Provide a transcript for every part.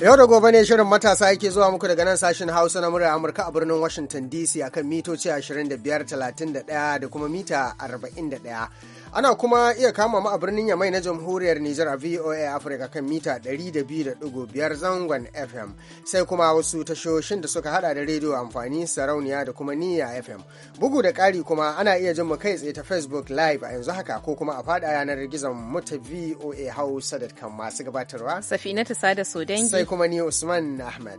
Yau da gobe ne shirin matasa yake zuwa muku daga nan sashen Hausa na murar Amurka a birnin Washington DC akan mitoci 25, 31 da kuma mita 41. Ana kuma iya kama mu a birnin Yamai na Jamhuriyar Nijar a VOA Africa kan mita 200.5 zangon FM sai kuma wasu tashoshin da suka hada da rediyo amfani sarauniya da kuma niyya FM. Bugu da kari kuma ana iya jin mu kai tsaye ta Facebook Live a yanzu haka ko kuma a fada yanar gizon mu ta VOA Hausa da kan masu gabatarwa. Safinatu Sada Sodengi. Sai kuma ni Usman Ahmad.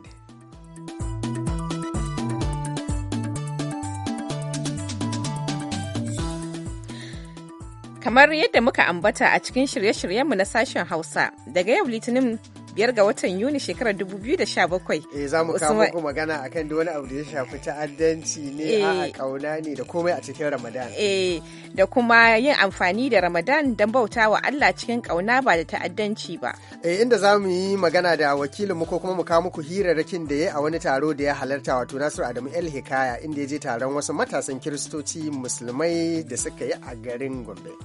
Kamar yadda muka ambata a cikin shirye-shiryenmu na sashen Hausa, daga yau Litinin biyar ga watan Yuni shekarar 2017. Eh za mu kawo muku magana a kan wani abu da ya shafi ta'addanci ne eh. a kauna ne da komai a cikin Ramadan. Eh da kuma yin amfani da Ramadan don bauta wa Allah cikin kauna ba da ta'addanci ba. Eh inda za mu yi magana da wakilin mu ko kuma mu kawo muku hirarrakin da ya a wani taro da ya halarta wato Nasiru Adamu El Hikaya inda ya je taron wasu matasan Kiristoci Musulmai da suka yi a garin Gombe.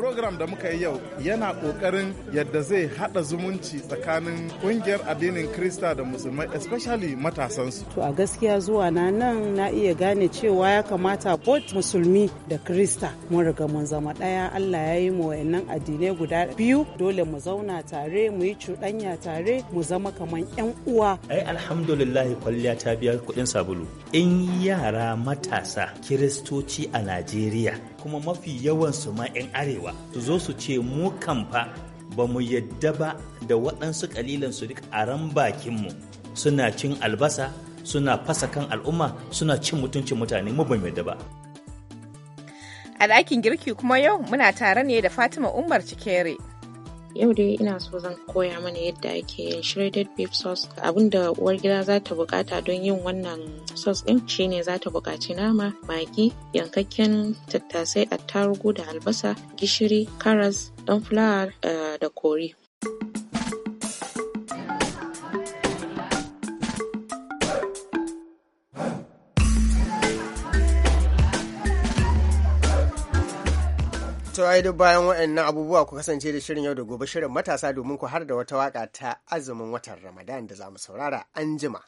program da muka yi yau yana kokarin yadda zai hada zumunci tsakanin kungiyar addinin krista da musulmai especially matasansu to a gaskiya zuwa na nan na iya gane cewa ya kamata both musulmi da krista mun riga mun zama daya allah ya yi mu wayannan addinai guda biyu dole mu zauna tare mu yi cuɗanya tare mu zama kamar yan uwa ai alhamdulillah kwalliya ta biya kuɗin sabulu in yara matasa kiristoci a najeriya kuma mafi yawan su ma 'yan arewa su zo su ce mu kamfa ba mu yadda ba da waɗansu ƙalilan su duka a ran bakinmu suna cin albasa suna fasa kan al'umma suna cin mutuncin mutane mu ba mu yadda ba a ɗakin girki kuma yau muna tare ne da fatima umar cikere Yau dai ina so zan koya mana yadda ake yin shredded beef sauce. Abin da uwar gida za ta bukata don yin wannan sauce din shine za ta bukaci nama, maggi, yankakken tattasai, attarugu da albasa, gishiri, karas, dan fulawa eh, da kori. to ai duk bayan waɗannan abubuwa ku kasance da shirin yau da gobe shirin matasa domin ku har da wata waka ta azumin watan Ramadan da za mu saurara an jima.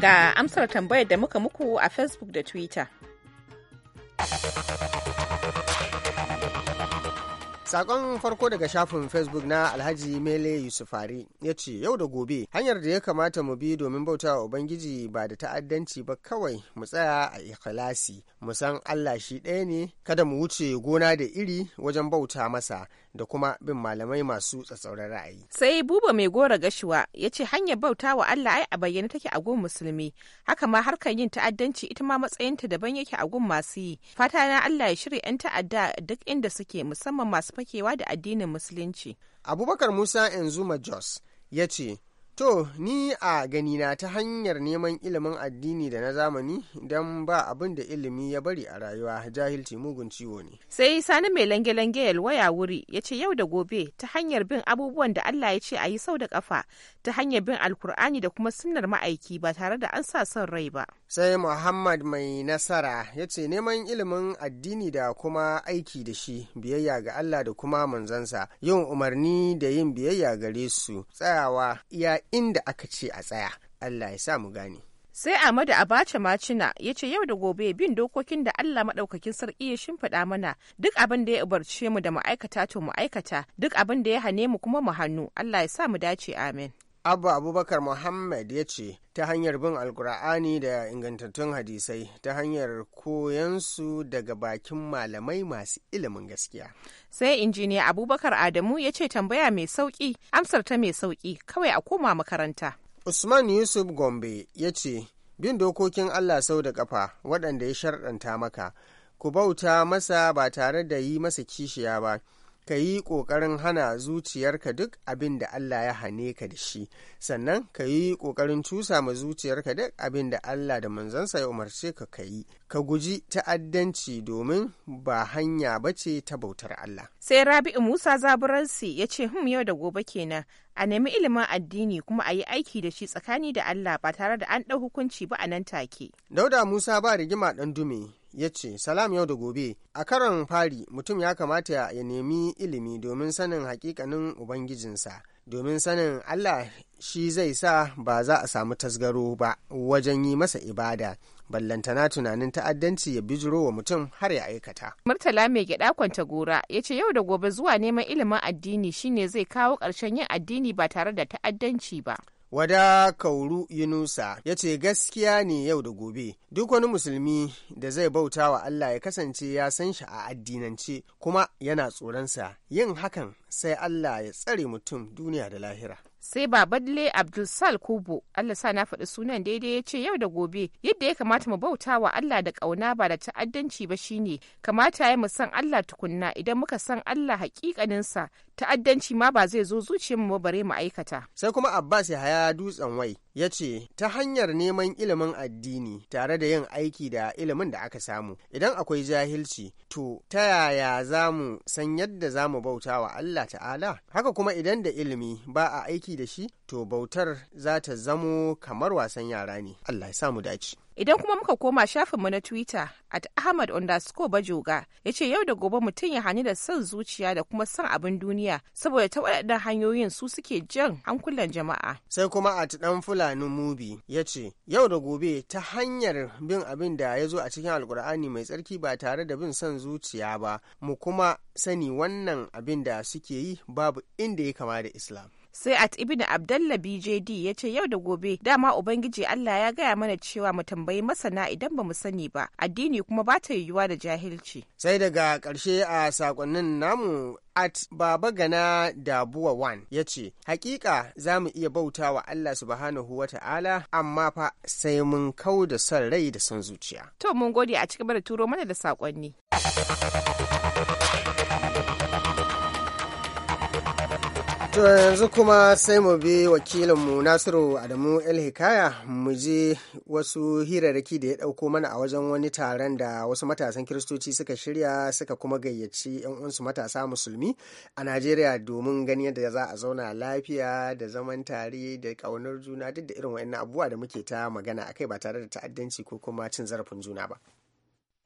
Ga amsar tambayar da muka muku a Facebook da Twitter. Sakon farko daga shafin Facebook na Alhaji Mele Yusufari ya ce yau da gobe hanyar da ya kamata mu bi domin bauta wa Ubangiji ba da ta'addanci ba kawai mu tsaya a ikhlasi mu san Allah shi ɗaya ne kada mu wuce gona da iri wajen bauta masa da kuma bin malamai masu tsatsauran ra'ayi. Sai buba mai gora gashuwa ya ce hanyar bauta wa Allah ai a bayyane take a gun musulmi haka ma harkar yin ta'addanci ita ma matsayinta daban yake a gun masu yi. Fata na Allah ya shirya 'yan ta'adda duk inda suke musamman masu fakewa da addinin musulunci. Abubakar Musa Enzuma Jos ya ce To, ni a gani na ta hanyar neman ilimin addini da na zamani don ba abin da ilimi ya bari a rayuwa jahilci mugun ciwo ne. Sai sani mai lange-lange waya wuri ya ce yau da gobe ta hanyar bin abubuwan da Allah ya ce a yi sau da kafa ta hanyar bin alkur'ani da kuma sunnar ma'aiki ba tare da an sa son rai ba. Sai Muhammad mai nasara ya ce neman ilimin addini da kuma aiki da shi biyayya ga Allah da kuma manzansa yin umarni da yin biyayya gare su tsayawa iya inda aka ce a tsaya allah ya sa mu gane sai Ahmadu Abacha Macina ya ce yau da gobe bin dokokin da Allah maɗaukakin sarki ya shimfiɗa mana duk abin da ya ubarce mu da ma'aikata to ma'aikata duk abin da ya hane mu kuma mu hannu Allah ya sa mu dace amin. Abba Abubakar Muhammad ya ce ta hanyar bin Alkur'ani da ingantattun hadisai ta hanyar koyansu daga bakin malamai masu ilimin gaskiya. Sai injiniya Abubakar Adamu ya ce tambaya mai sauki amsar ta mai sauki kawai a koma makaranta. Usman Yusuf Gombe ya ce bin dokokin Allah sau da ƙafa, waɗanda ya sharɗanta maka ku bauta masa ba tare da yi masa kishiya ba. ka yi ƙoƙarin hana zuciyarka duk abin da Allah ya hane ka da shi sannan ka yi ƙoƙarin cusa ma zuciyarka duk abin da Allah da manzansa ya umarce ka ka yi ka guji ta'addanci domin ba hanya ba ce ta bautar Allah sai Rabi'u Musa Zaburansi ya ce hum yau da gobe kenan a nemi ilimin addini kuma a yi aiki da shi tsakani da Allah ba tare da an ɗau hukunci ba a nan take. Dauda Musa ba rigima ɗan dume ya ce salam yau da gobe a karon fari mutum ya kamata ya nemi ilimi domin sanin hakikanin ubangijinsa domin sanin Allah shi zai sa ba za a samu tasgaro ba wajen yi masa ibada ballantana tunanin ta'addanci ya bijiro wa mutum har ya aikata. Murtala mai gyaɗa kwanta gora ya ce yau da gobe zuwa neman ilimin addini shine zai kawo ƙarshen yin addini ba tare da ta'addanci ba. Wada Kauru Yunusa ya ce gaskiya ne yau da gobe duk wani musulmi da zai bauta wa Allah ya kasance ya san shi a addinance kuma yana tsoronsa yin hakan sai Allah ya tsare mutum duniya da lahira. sai baballe abdulsal kubo allah sa na faɗi sunan daidai ya ce yau da gobe yadda ya kamata mu bauta wa allah da ƙauna ba da ta'addanci ba shine kamata ya mu san allah tukunna idan muka san allah hakikaninsa ta'addanci ma ba zai zo zuciyarmu ba bare mu aikata sai kuma abbas ya haya dutsen wai ya ce ta hanyar neman ilimin addini tare da yin aiki da ilimin da aka samu idan akwai jahilci to ta yaya za mu san yadda za mu bauta wa Allah ta'ala haka kuma idan da ilimi ba a aiki da shi to bautar za ta zamo kamar wasan yara ne Allah ya samu dace Idan kuma muka koma shafinmu na Twitter at Ahmad underscore Bajoga ya ce yau da gobe mutum ya hani da son zuciya da kuma son abin duniya saboda ta waɗannan hanyoyin su suke jan hankulan jama'a. Sai kuma at ɗan Fulani Mubi ya ce yau da gobe ta hanyar bin abin da ya zo a cikin Alkur'ani mai tsarki ba tare da bin son zuciya ba mu kuma sani wannan abin da suke yi babu inda ya kama da Islam. sai at ibn abdallah bjd ya ce yau da gobe dama ubangiji allah ya gaya mana cewa mu tambayi masana idan ba mu sani ba addini kuma ba ta yiwuwa da jahilci sai daga karshe a sakonnin namu at baba gana dabuwa wan ya ce hakika za mu iya bauta wa allah subhanahu wa ta'ala amma fa sai mun kau da son rai da son zuciya to mun gode a cikin da turo mana da sakonni. To yanzu kuma sai mu bi wakilinmu Nasiru Adamu El Hikaya mu je wasu hirarraki da ya dauko mana a wajen wani taron da wasu matasan kiristoci suka shirya suka kuma gayyaci 'yan uwansu matasa musulmi a Najeriya domin ganin yadda za a zauna lafiya da zaman tare da kaunar juna duk da irin wa'annan abubuwa da muke ta magana akai ba tare da ta'addanci ko kuma cin zarafin juna ba.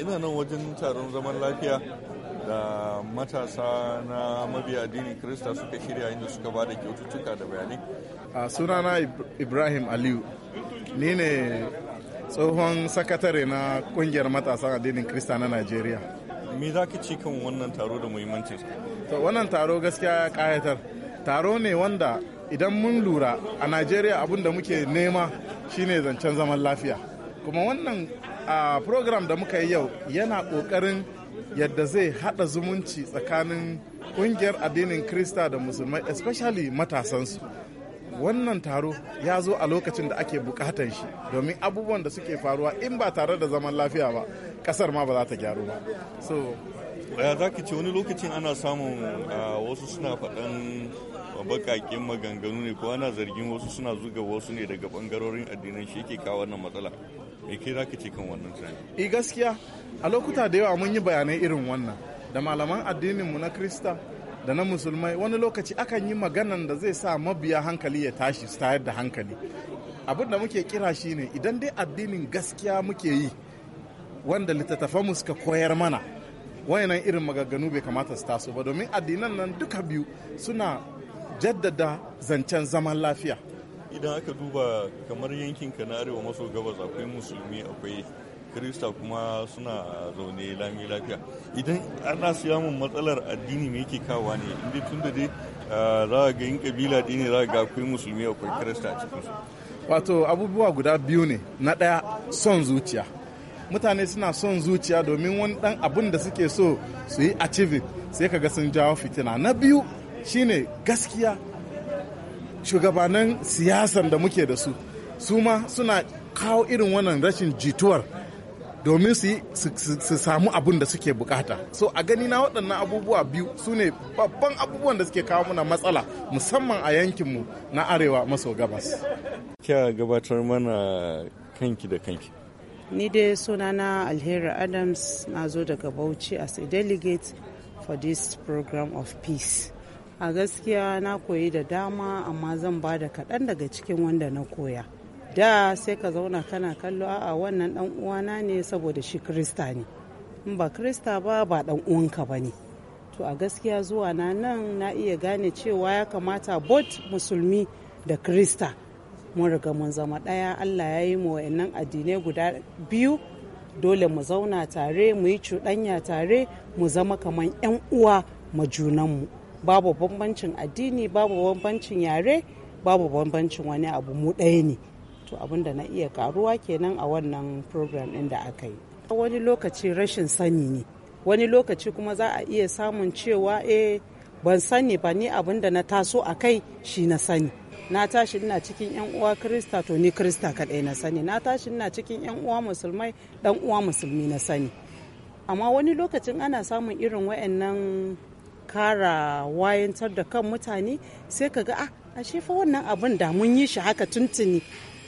ina nan wajen taron zaman lafiya da matasa na mabiya addinin krista suka shirya inda suka ba da kyaututtuka da bayanai a sunana ibrahim aliyu ni ne tsohon sakatare na kungiyar matasan addinin krista na najeriya me za ka ci kan wannan taro da muhimmanci? to wannan taro gaskiya ya kayatar taro ne wanda idan mun lura a najeriya abin da muke nema shine zancen zaman lafiya kuma wannan a program da muka yi yau yana kokarin yadda zai haɗa zumunci tsakanin ƙungiyar addinin krista da musulmai especially matasansu wannan taro ya zo a lokacin da ake bukatan shi domin abubuwan da suke faruwa in ba tare da zaman lafiya ba kasar ma ba za ta gyaru ba so za ki ce wani lokacin ana samun wasu suna faɗan baƙaƙen maganganu ne ko ana zargin wasu suna zuga wasu ne daga ɓangarorin addinan shi ke kawo wannan matsala me ke ce kan wannan tunani e gaskiya a lokuta da yawa mun yi bayanai irin wannan da malaman addinin mu na krista da na musulmai wani lokaci akan yi maganan da zai sa mabiya hankali ya tashi su tayar da hankali abin da muke kira shi ne idan dai addinin gaskiya muke yi wanda littattafan mu suka koyar mana wayanan irin magaganu bai kamata su taso ba domin addinan nan duka biyu suna jaddada zancen zaman lafiya idan aka duba kamar yankin ka na arewa maso gabas akwai musulmi akwai krista kuma suna zaune lami lafiya idan ana samun matsalar addini mai yake kawa ne inda tun da dai ah, za a ga yin kabila ɗaya ne za ga akwai musulmi akwai krista a cikinsu wato abubuwa guda biyu ne na ɗaya son zuciya mutane suna son zuciya domin wani dan abun da suke so su yi achieving sai kaga sun jawo fitina na biyu shine gaskiya shugabanan siyasan da muke da su su ma suna kawo irin wannan rashin jituwar domin su samu abin da suke bukata so a gani na waɗannan abubuwa biyu su ne babban abubuwan da suke kawo muna matsala musamman a yankinmu na arewa maso gabas kya gabatar mana kanki da kanki ni dai sunana alheri adams na zo daga bauchi as a delegate for this program of peace a gaskiya na koyi da dama amma zan ba da kaɗan daga cikin wanda na koya da sai ka zauna kana kallo a'a wannan ɗan uwana ne saboda shi krista ne in ba krista ba ba ɗan uwanka ba ne to a gaskiya zuwa na nan na iya gane cewa ya kamata bot musulmi da krista mun riga mun zama ɗaya allah ya yi mu wa'annan addinai guda biyu dole mu zauna tare mu yi cuɗanya tare mu zama kamar 'yan uwa ma junanmu babu bambancin addini babu bambancin yare babu bambancin wani abu mu ɗaya ne to abin da na iya karuwa kenan a wannan program ɗin da aka yi wani lokaci rashin sani ne wani lokaci kuma za a iya samun cewa eh ban sani ba ni abin da na taso a kai shi na sani na tashi ina cikin yan uwa krista to ni krista kaɗai na sani na tashi ina cikin yan uwa musulmai dan uwa musulmi na sani amma wani lokacin ana samun irin wayannan kara wayantar da kan mutane sai ka ga a ah, ashe fa wannan abin da mun yi shi haka tuntuni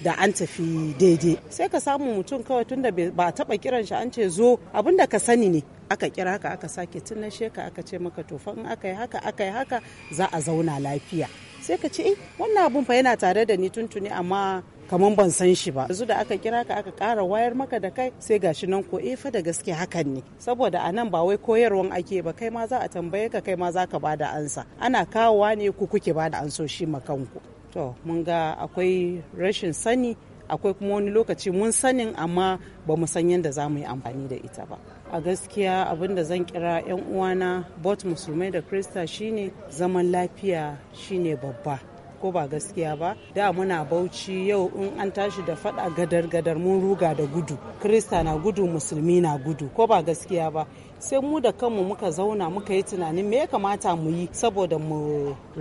da an tafi daidai sai ka samu mutum kawai tun tunda ba taba kiran shi an ce zo abin da ka sani ne aka kira haka aka sake tun na sheka aka ce maka to fa in aka yi haka aka yi haka za a zauna lafiya sai ka ce eh wannan abun fa yana tare da ni tuntuni amma kamar ban san shi ba yanzu da aka kira ka aka kara wayar maka da kai sai gashi nan ko eh fa da gaske hakan ne saboda a nan ba wai koyarwan ake ba kai ma za a tambaye ka kai ma za ka bada ansa ana kawowa ne ku kuke bada ansoshi kanku. to mun ga akwai rashin sani akwai kuma wani lokaci mun sanin amma ba mu san yadda za mu yi amfani da ita ba a gaskiya abin da zan kira 'yan uwana bot musulmai da krista shine zaman lafiya shine babba ko ba gaskiya ba da muna bauchi yau in an tashi da fada gadar gadar mun ruga da gudu krista na gudu musulmi na gudu ko ba gaskiya ba sai mu da kanmu muka zauna muka yi tunanin me ya kamata mu yi saboda mu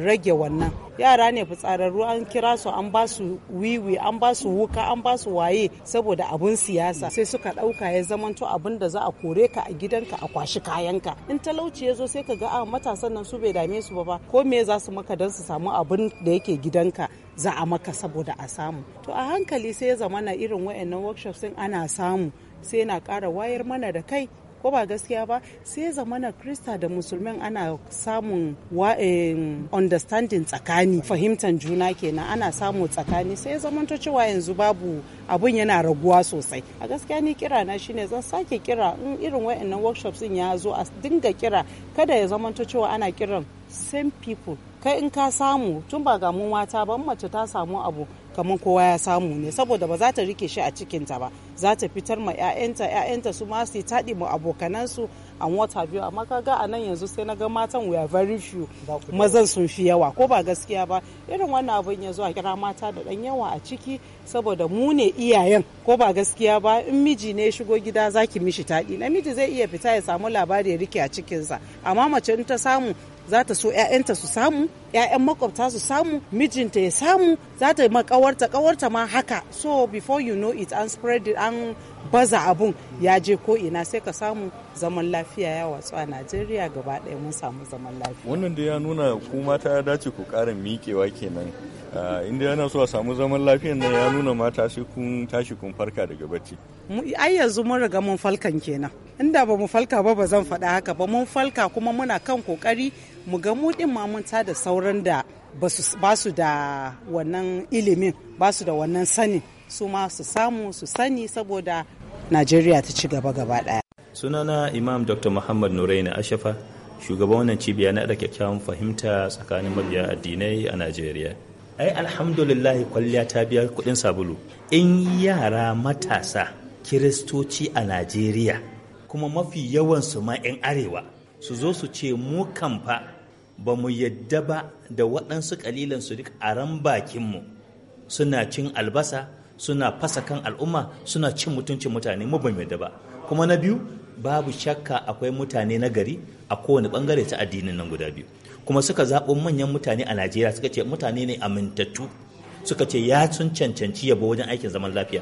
rage wannan yara ne fitsararru an kira su an ba su wiwi an ba su wuka an ba su waye saboda abun siyasa sai suka ɗauka ya zamanto abin da za a kore ka a gidanka a kwashi kayanka in talauci ya zo sai ka ga a ah, matasan nan su bai dame su ba ba ko me za su maka don su samu abin da yake gidanka za a maka saboda a samu to a hankali sai ya zamana irin wayannan workshops din ana samu sai na kara wayar mana da kai ko ba gaskiya ba sai zamana krista da musulmin ana samun understanding tsakani fahimtar juna kenan ana samu tsakani sai zamanto cewa yanzu babu abun yana raguwa sosai a gaskiya ni kira na shine zan sake kira in irin wayannan workshops ya zo a dinga kira kada ya zamanto cewa ana kiran same people kai in ka samu tun ba ga mu mata ban mace ta samu abu kamar kowa ya samu ne saboda ba za ta rike shi a cikinta ba za ta fitar ma 'ya'yanta 'ya'yanta su ma su taɗi mu abokanansu a wata biyu amma kaga a nan yanzu sai na ga matan we are very few mazan sun fi yawa ko ba gaskiya ba irin wannan abin ya zo a kira mata da dan yawa a ciki saboda mu ne iyayen ko ba gaskiya ba in miji ne shigo gida zaki mishi taɗi namiji zai iya fita ya samu labari ya rike a cikinsa amma mace in ta samu za ta so 'ya'yanta su samu 'ya'yan makwabta su samu mijinta ya samu za ta ma kawarta kawarta ma haka so before you know it an spread it an baza abun ya je ko ina sai ka samu zaman lafiya ya watsu a najeriya gaba ɗaya mun samu zaman lafiya wannan da ya nuna ku mata ya dace ku ƙara miƙewa kenan ah, inda yana so a samu zaman lafiyan nan ya nuna mata sai kun tashi kun farka daga bacci ai yanzu mun riga mun falkan kenan inda ba mu falka ba ba zan faɗa haka ba mun falka kuma muna kan kokari mu ga mu din mamunta da sauran da ba su da wannan ilimin ba su da wannan sani su ma su samu su sani saboda najeriya ta ci gaba gaba daya sunana imam dr muhammad nuraini ashafa shugaban wannan cibiya na da kyakkyawan fahimta tsakanin mabiya addinai a najeriya ai alhamdulillah kwalliya ta biya kuɗin sabulu in yara matasa kiristoci a najeriya kuma mafi yawan su ma 'yan arewa su zo su ce mu kamfa ba mu yadda ba da waɗansu ƙalilan su duk a ran bakinmu suna cin albasa suna fasa kan al'umma suna cin mutuncin mutane mu ba mu yadda ba kuma na biyu babu shakka akwai mutane na gari a kowane bangare ta addinin nan guda biyu kuma suka zaɓo manyan mutane a najeriya suka ce mutane ne amintattu suka ce ya sun cancanci yabo wajen aikin zaman lafiya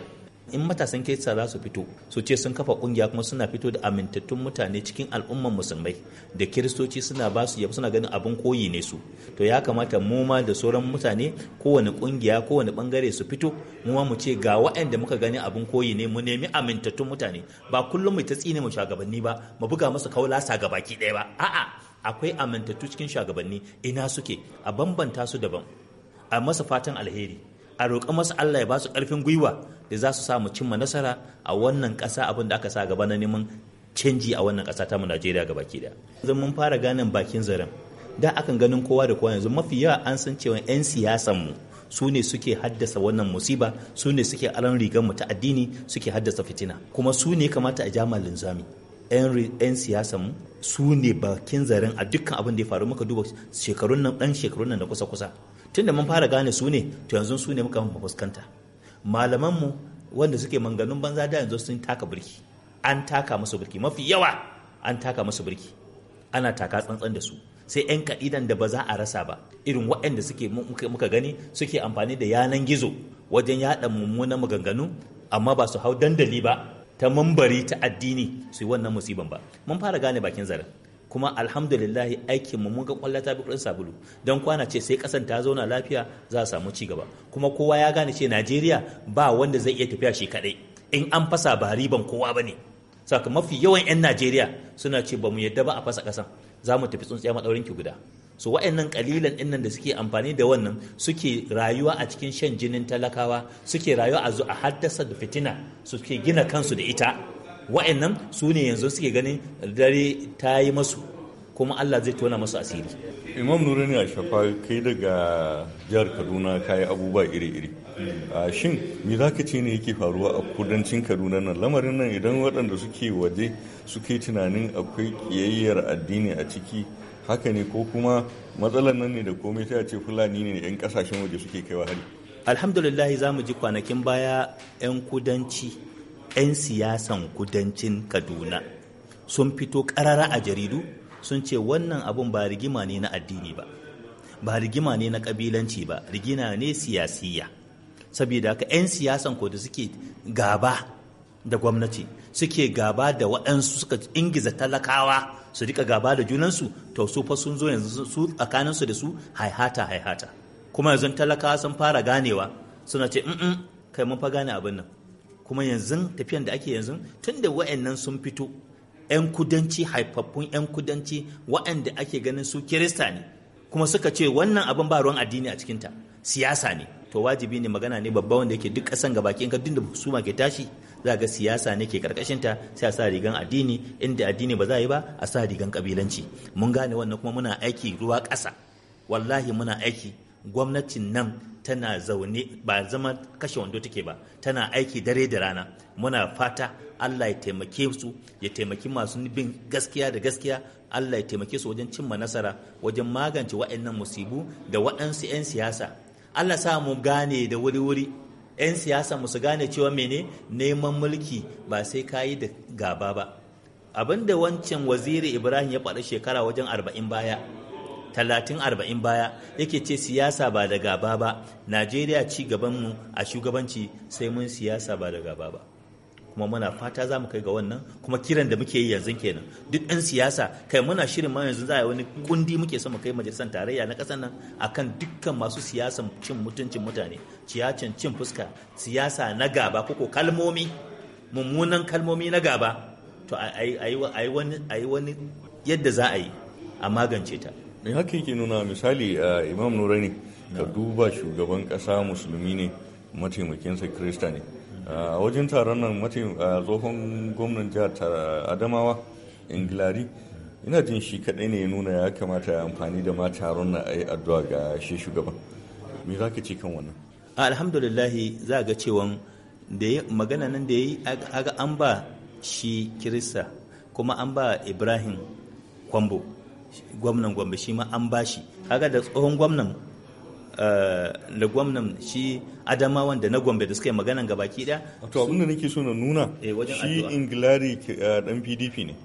in matasan kirista za su fito su ce sun kafa kungiya kuma suna fito da amintattun mutane cikin al'umman musulmai da kiristoci suna ba su suna ganin abin koyi ne su to ya kamata mu ma da sauran mutane kowane kungiya kowane bangare su fito mu ma mu ce ga waɗanda muka gani abin koyi ne mu nemi amintattun mutane ba kullum mu ta tsine mu shugabanni ba mu buga masa kaulasa ga baki ɗaya ba a'a akwai amintattu cikin shugabanni ina suke a bambanta su daban a masa fatan alheri a roƙa masu Allah ya ba su ƙarfin gwiwa da za su samu cimma nasara a wannan ƙasa abin da aka sa gaba na neman canji a wannan ƙasa ta mu Najeriya ga baki da. Yanzu mun fara ganin bakin zaren. Da akan ganin kowa da kowa yanzu mafi yawa an san cewa 'yan siyasan mu su ne suke haddasa wannan musiba su ne suke alan rigar mu ta addini suke haddasa fitina kuma su ne kamata a jama linzami 'yan siyasan mu su ne bakin zaren a dukkan abin da ya faru muka duba shekarun nan dan shekarun nan da kusa kusa tunda mun fara gane su ne to yanzu su ne muka mu fuskanta malamanmu wanda suke manganun banza da yanzu sun taka birki an taka musu birki mafi yawa an taka musu birki ana taka tsantsan da su sai 'yan kadidan da ba za a rasa ba irin waɗanda suke muka gani suke amfani da yanan gizo wajen yaɗa mummunan maganganu amma ba su hau dandali ba ta mambari ta addini su yi wannan musiban ba mun fara gane bakin zaren kuma alhamdulillah aikin mu mun ga kwalla ta bi kudin sabulu don kwana ce sai kasan ta zauna lafiya za a samu ci gaba kuma kowa ya gane ce Najeriya ba wanda zai iya tafiya shi kadai in an fasa ba riban kowa bane saka mafi yawan 'yan Najeriya suna ce ba mu yadda ba a fasa kasan za mu tafi tsuntsiya maɗaurin ki guda so wa'annan kalilan nan da suke amfani da wannan suke rayuwa a cikin shan jinin talakawa suke rayuwa a haddasa da fitina suke gina kansu da ita wa'annan su ne yanzu suke ganin dare ta yi masu kuma Allah zai tona masu asiri imam nurani a shafa kai daga jihar kaduna ka yi abubuwa iri-iri a shin me za ka ce ne yake faruwa a kudancin kaduna nan lamarin nan idan waɗanda suke waje suke tunanin akwai ƙiyayyar addini a ciki haka ne ko kuma matsalar nan ne da komai sai a ce fulani ne 'yan ƙasashen waje suke kaiwa hari alhamdulillah za mu ji kwanakin baya 'yan kudanci 'yan siyasan kudancin kaduna sun fito ƙarara a jaridu sun ce wannan abun ba rigima ne na addini ba ba rigima ne na kabilanci ba rigina ne siyasiya saboda haka 'yan siyasan ko da suke gaba da gwamnati suke gaba da waɗansu suka ingiza talakawa su rika gaba da junansu to su fa sun zo yanzu su tsakaninsu da su haihata haihata kuma yanzu talakawa sun fara ganewa suna ce kai mun fa gane abin nan kuma yanzu tafiyan da ake yanzu tun da wa'annan sun fito 'yan kudanci haifaffun 'yan kudanci wa'anda ake ganin su kirista ne kuma suka ce wannan abin ba ruwan addini a cikinta siyasa ne to wajibi ne magana ne babba wanda yake duk ƙasan gaba in ka dinda suma ke tashi za ga siyasa ne ke karkashinta sai a sa rigan addini inda addini ba za yi ba a sa rigan kabilanci mun gane wannan kuma muna aiki ruwa ƙasa wallahi muna aiki gwamnatin nan tana zaune ba zama kashe wando take ba tana aiki dare da rana muna fata Allah ya taimake su ya taimaki masu bin gaskiya da gaskiya Allah ya taimake su wajen cimma nasara wajen magance wa'annan musibu da waɗansu 'yan siyasa Allah sa mu gane da wuri-wuri 'yan siyasa musu gane cewa mene neman mulki ba sai ka yi da gaba ba abinda wancan waziri ibrahim ya faɗi shekara wajen arba'in baya talatin arba'in baya yake ce siyasa ba da gaba ba najeriya ci gabanmu a shugabanci sai mun siyasa ba da gaba ba kuma muna fata za mu kai ga wannan kuma kiran da muke yi yanzu kenan duk ɗan siyasa kai muna shirin ma yanzu za a yi wani kundi muke so mu kai majalisar tarayya na ƙasar nan akan dukkan masu siyasan cin mutuncin mutane ciyacin cin fuska siyasa na gaba koko kalmomi mummunan kalmomi na gaba to a yi wani yadda za a yi a magance ta mai haka yake nuna misali a imam nura ne ka duba shugaban kasa musulmi ne mataimakinsa krista ne a wajen taron nan tsohon gwamnan jihar adamawa ingilari ina jin shi kadai ne ya nuna ya kamata ya amfani da ma taron na ayi addu'a ga shi shugaban me za ka ce kan wannan alhamdulillahi za ga cewan da magana nan da ya yi an ba shi kirista kuma an ba ibrahim kwambo gwamnan gombe shi ma an bashi kaga da tsohon gwamnan eh, da gwamnan shi adama wanda na gombe da suka yi maganan gabaki daya to abin da nake so na nuna eh, shi ingilari dan eh, pdp ne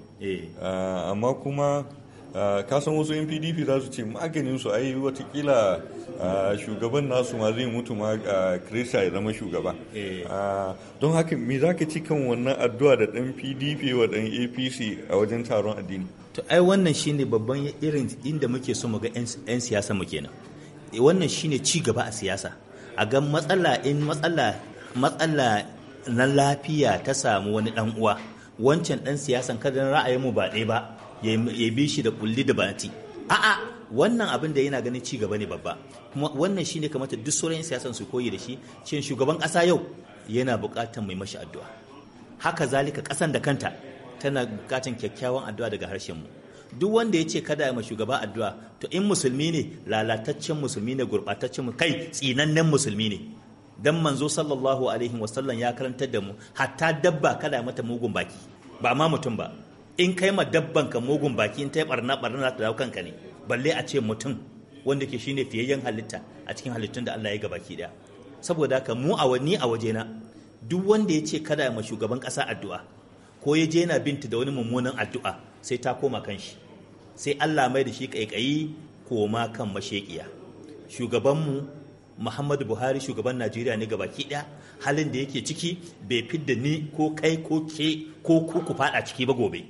ah, amma kuma Eh, ka san wasu yan pdp za su ce maganin su ai watakila eh, shugaban nasu ma zai mutu ma eh, krista ya zama shugaba don haka me za ka ci kan wannan addu'a da dan pdp wa dan apc a wajen taron addini to ai wannan shine babban irin inda muke so mu ga 'yan siyasa mu kenan wannan shine ci gaba a siyasa a ga matsala in matsala matsala na lafiya ta samu wani dan uwa wancan dan siyasan kada ra'ayin mu ba ɗaya ba ya bi shi da kulli da bati a'a wannan abin da yana ganin ci gaba ne babba kuma wannan shine kamata duk sauran siyasan su koyi da shi ce shugaban ƙasa yau yana buƙatar mai mashi addu'a haka zalika ƙasan da kanta tana buƙatar kyakkyawan addu'a daga harshen mu duk wanda ya ce kada ma shugaba addu'a to in musulmi ne lalataccen musulmi ne gurɓataccen kai tsinannen musulmi ne dan manzo sallallahu alaihi wasallam ya karantar da mu hatta dabba kada mata mugun baki ba ma mutum ba in kai ma dabban ka mugun baki in ta yi barna barna ta dawo kanka ne balle a ce mutum wanda ke shine fiyayyen halitta a cikin halittun da Allah ya gabaki daya saboda haka mu a wani a waje na duk wanda ya ce kada ma shugaban kasa addu'a ko ya je yana binta da wani mummunan addu'a sai ta koma kan shi sai Allah mai da shi kaikayi koma kan mashekiya mu Muhammadu Buhari shugaban Najeriya ne gabaki ɗaya halin da yake ciki bai fidda ni ko kai ko ke ko ku ku faɗa ciki ba gobe.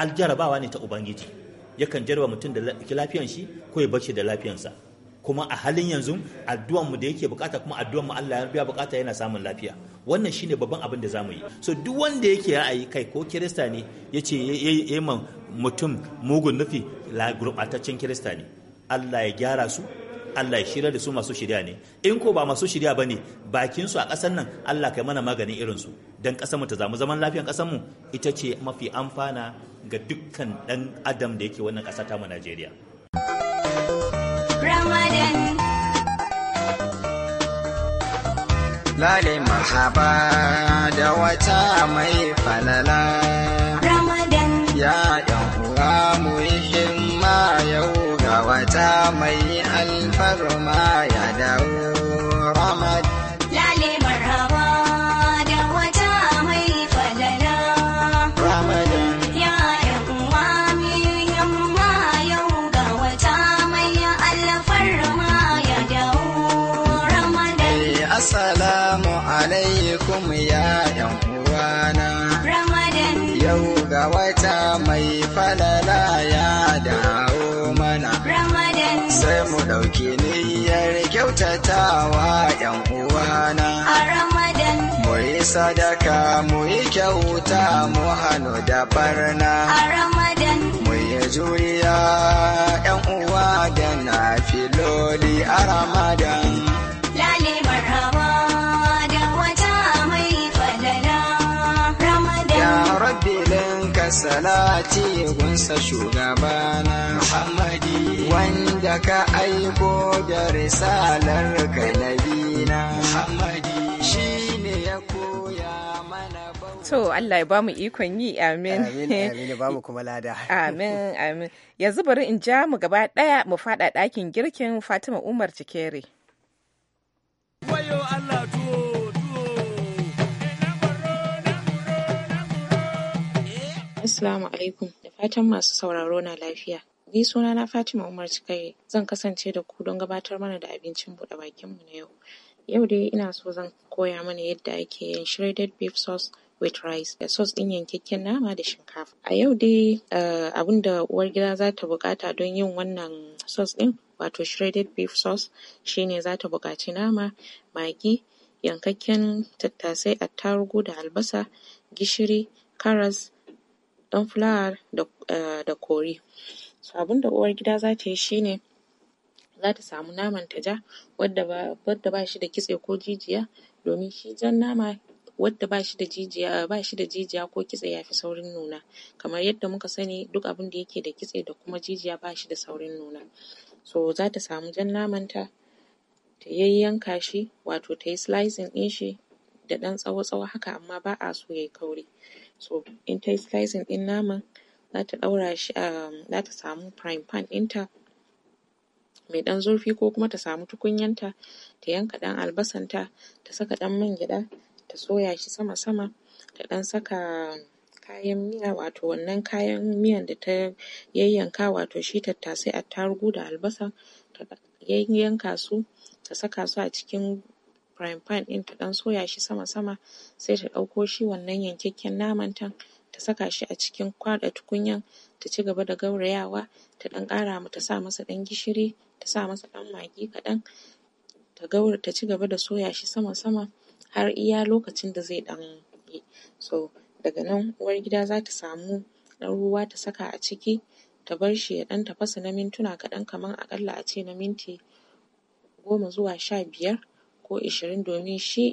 aljarabawa ne ta ubangiji yakan jarba mutum da lafiyan shi ko ya bar shi da lafiyansa kuma a halin yanzu addu'an mu da yake bukata kuma addu'an mu Allah ya biya bukata yana samun lafiya wannan shine babban abin da zamu yi so duk wanda yake ra'ayi kai ko kirista ne yace yayi mutum mugun nufi la gurbataccen kirista ne Allah ya gyara su Allah ya shirya da su masu shirya ne in ko ba masu shirya bane bakin su a kasar nan Allah kai mana maganin irin su dan ƙasar mu ta zamu zaman lafiyan kasar mu ita ce mafi amfana ga dukkan ɗan adam da yake wannan ƙasa tamu Najeriya. Ramadan Lale mahaba da wata mai falala Ramadan Ya ɗan uwa mu himma yau ga wata mai alfarma ya dawo falala ya dawo mana sai mu ɗauki niyyar kyautatawa yan uwana mu yi sadaka mu yi kyauta mu hannu da barna mu yi juriya yan uwa da na filoli a ramadan salati gunsa shugabana Muhammadi wanda ka aiko da risalar ka nabina Muhammadi shi ne ya koya mana To Allah ya bamu ikon yi amin. Amin bamu kuma lada. Amin amin. Yanzu bari in ja mu gaba daya mu fada ɗakin girkin Fatima Umar Cikere. Wayo Allah Assalamu alaikum da fatan masu sauraro na lafiya. Ni suna na Fatima Umar Cikai zan kasance da ku don gabatar mana da abincin buɗe bakin mu na yau. Yau dai ina so zan koya mana yadda ake yin shredded beef sauce with rice da sauce ɗin yankakken nama da shinkafa. A yau dai uh, abin da uwar gida za ta buƙata don yin wannan sauce ɗin wato shredded beef sauce shine za ta buƙaci nama, magi, yankakken tattasai, attarugu da albasa, gishiri, karas, ɗan fulawa da kori. Eh, so uwar gida za ta yi shi ne za ta samu naman ta ja wadda ba shi da kitse ko jijiya domin shi jan nama wadda ba shi da jijiya ko kitse ya fi saurin nuna. Kamar yadda muka sani duk abin da yake da kitse da kuma jijiya ba shi da saurin nuna. So za ta samu jan naman ta, ta yayyanka shi wato ta yi slicing ɗin shi da ɗan tsawo-tsawo haka amma ba a so ya yi kauri. So in tayi slicing ɗin naman zata ɗaura shi a zata samu frying pan ɗinta mai ɗan zurfi ko kuma ta samu tukunyanta ta yanka ɗan albasanta ta saka ɗan man gyaɗa ta soya shi sama sama ta ɗan saka kayan miya wato wannan kayan miyan da ta yayyanka wato shi tattasai, attarugu da albasa ta yayyanka su ta saka su a cikin frying pan ɗin ta ɗan soya shi sama-sama sai ta ɗauko shi wannan yankakken naman ta ta saka shi a cikin kwaɗa tukunyan ta ci gaba da gaurayawa ta ɗan ƙara ta sa masa ɗan gishiri ta sa masa ɗan magi kaɗan ta gaura ta ci gaba da soya shi sama-sama har iya lokacin da zai ɗan yi so daga nan uwargida za ta samu ɗan ruwa ta saka a ciki ta bar shi ya ɗan tafasa na mintuna kaɗan kamar aƙalla a ce na minti goma zuwa sha biyar ko ishirin domin shi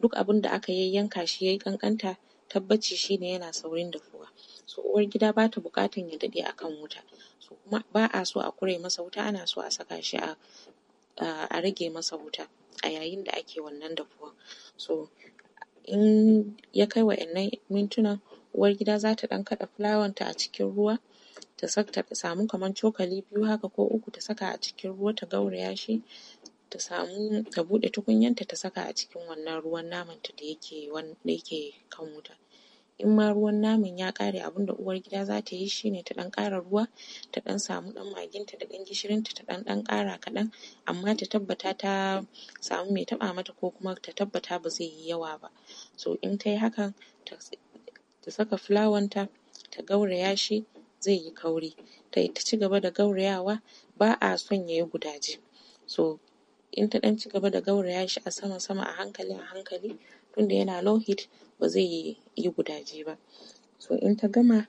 duk abin da aka yayyanka shi yayi ƙanƙanta tabbaci shi ne yana saurin dafuwa. So uwargida bata buƙatan ya daɗe a kan wuta, so kuma ba a so a kure masa wuta ana so a saka shi a a rage masa wuta a yayin da ake wannan dafuwan. So in ya kai wa'innan mintunan uwargida ta ɗan kaɗa fulawan ta a cikin ruwa ta samu kamar cokali biyu haka ko uku ta saka a cikin ruwa ta gauraya shi ta samu ta buɗe tukunyanta ta saka a cikin wannan ruwan namanta da yake da yake kan wuta in ma ruwan naman ya ƙare abin da uwar gida za ta yi shine ta ɗan ƙara ruwa ta ɗan samu ɗan maginta da ɗan gishirin ta ɗan ɗan ƙara kaɗan amma ta tabbata ta samu mai taɓa mata ko kuma ta tabbata ba zai yi yawa ba so in ta yi hakan ta saka fulawanta ta gauraya shi zai yi kauri ta ci gaba da gaurayawa ba a son ya yi gudaje. so in ta ɗan cigaba da gauraya shi a sama sama a hankali a hankali tunda yana low heat ba zai yi gudaje ba so in ta gama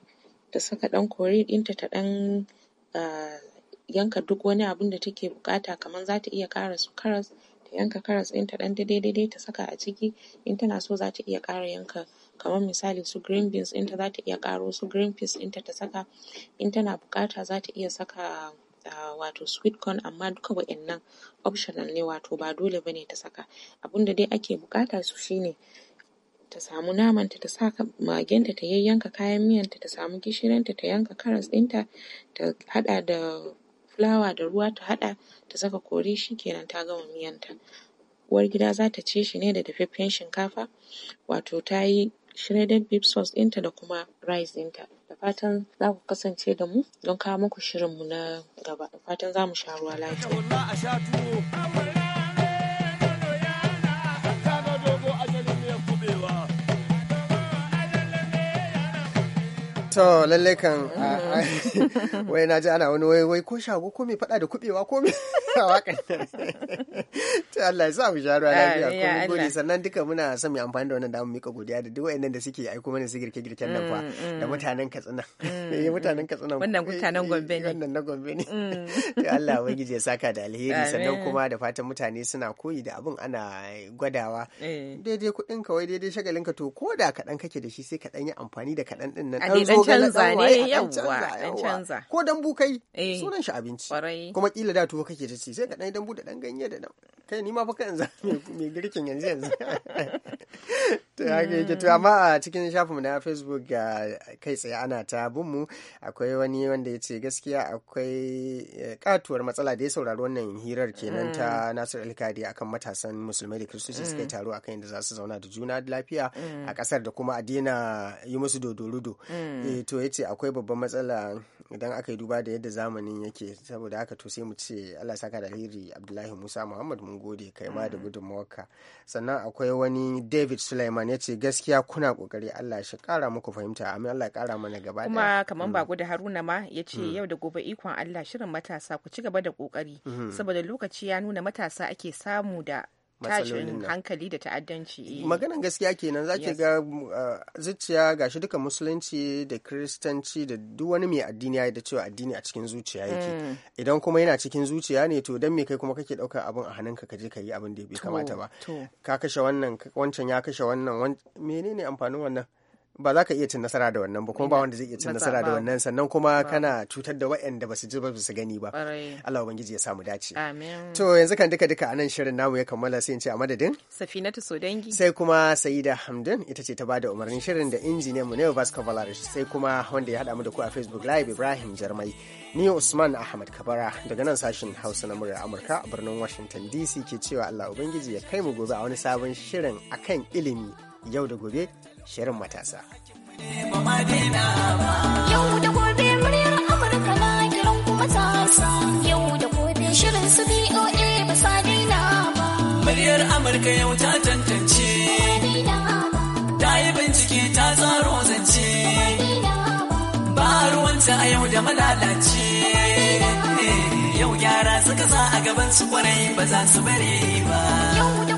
ta saka ɗan kore ɗinta ta ɗan ah, yanka duk wani abun da take buƙata kaman za ta iya ƙara su karas ta yanka karas ɗin ta ɗan daidai daidai ta saka a ciki in tana so za ta iya ƙara yanka kaman misali su green beans ta za ta iya ƙaro su green peas ɗinta ta ta saka in tana buƙata za ta iya saka Ah, wato sweet corn amma duka wa'innan optional ne wato ba dole ba ne ta saka da dai ake buƙata su shine ta samu namanta ta sa magenta ta yayyanka kayan miyanta ta samu gishirinta ta yanka karas ɗinta ta haɗa da fulawa da ruwa ta haɗa ta saka kore shi kenan ta gama miyanta. gida za ta ci shi ne da dafaffen shinkafa wato ta yi shredded beef sauce ɗinta da kuma rice ɗinta. Da fatan za ku kasance da mu don kawo muku mu na gaba. Da fatan za mu sha ruwa lafiya. To lallai kan wai na ji ana wani wai ko shago ko mai fada da kubewa ko mai Allah ya sa mu sha ruwa lafiya kuma gode sannan duka muna son mu amfani da wannan da mika godiya da duk wayannan da suke aiko mana su girke girken nan fa mm, mm. da mutanen Katsina mm, eh mutanen Katsina wannan mutanen Gombe ne wannan na Gombe ne to Allah ubangiji ya saka da alheri sannan kuma da fatan mutane suna koyi da abun ana gwadawa eh. daidai kuɗin ka wai daidai shagalin ka to ko da kaɗan kake da shi sai ka yi amfani da kaɗan ɗin nan ɗan zo ga ɗan waye ɗan canza ko dan bukai eh. sunan shi abinci kuma kila da to kake da shi sai ka dan yi dan da ɗan ganye da nan kai ni ni ma fa kan za mai girkin yanzu yanzu to yake ke to mm. amma a cikin shafinmu na facebook ga kai tsaye ana ta mu akwai wani wanda ya ce gaskiya akwai eh, katuwar matsala da ya saurari wannan hirar kenan ta mm. nasir alkadi akan matasan musulmai da kiristoci suka yi mm. taro kan yadda za su zauna da juna da lafiya a kasar da kuma a daina yi musu dodorudo eh, to ya ce akwai babban matsala idan aka yi duba da yadda zamanin yake saboda haka to sai mu ce allah saka da alheri abdullahi musa muhammad mun gode kai ma da gudunmawarka sannan akwai wani david suleiman Usman ya ce gaskiya kuna kokari Allah shi kara muku fahimta amin Allah ya kara mana gaba kuma kamar mm. ba da Haruna ma ya ce mm. yau da gobe ikon Allah shirin matasa ku ci gaba da kokari mm-hmm. saboda lokaci ya nuna matasa ake samu da matsalolin hankali da ta'addanci eh. maganan gaskiya kenan zaki ga uh, zuciya gashi duka musulunci da kiristanci da duk wani mai addini ya da cewa addini a cikin zuciya yake mm. idan kuma yana cikin zuciya ne to dan me kai kuma kake ɗauka abin a hannunka ka je ka yi abin da bai kamata ba ka kashe wannan wancan ya kashe wannan menene amfanin wannan ba za ka iya cin nasara da wannan ba kuma ba wanda zai iya cin nasara da wannan sannan kuma kana cutar da waɗanda ba su ji ba su gani ba Allah ubangiji ya samu dace to yanzu kan duka duka anan shirin namu ya kammala sai in ce a madadin Safinatu Sodangi sai kuma Saida Hamdun ita ce ta bada umarnin shirin da injiniyan mu ne Vasco sai kuma wanda ya hada mu da ku a Facebook Live Ibrahim Jarmai ni Usman Ahmad Kabara daga nan sashin Hausa na muryar Amurka a birnin Washington DC ke cewa Allah ubangiji ya kai mu gobe a wani sabon shirin akan ilimi yau da gobe shirin matasa. Yau da gobe muryar Amurka na kiran matasa. Yau da gobe shirin su BOA ba sa ba. Muryar Amurka yau ta tantance. Ta yi bincike ta tsaro zance. Ba ruwanta a yau da malalace. Yau gyara suka sa a gaban su kwarai ba za su bare ba.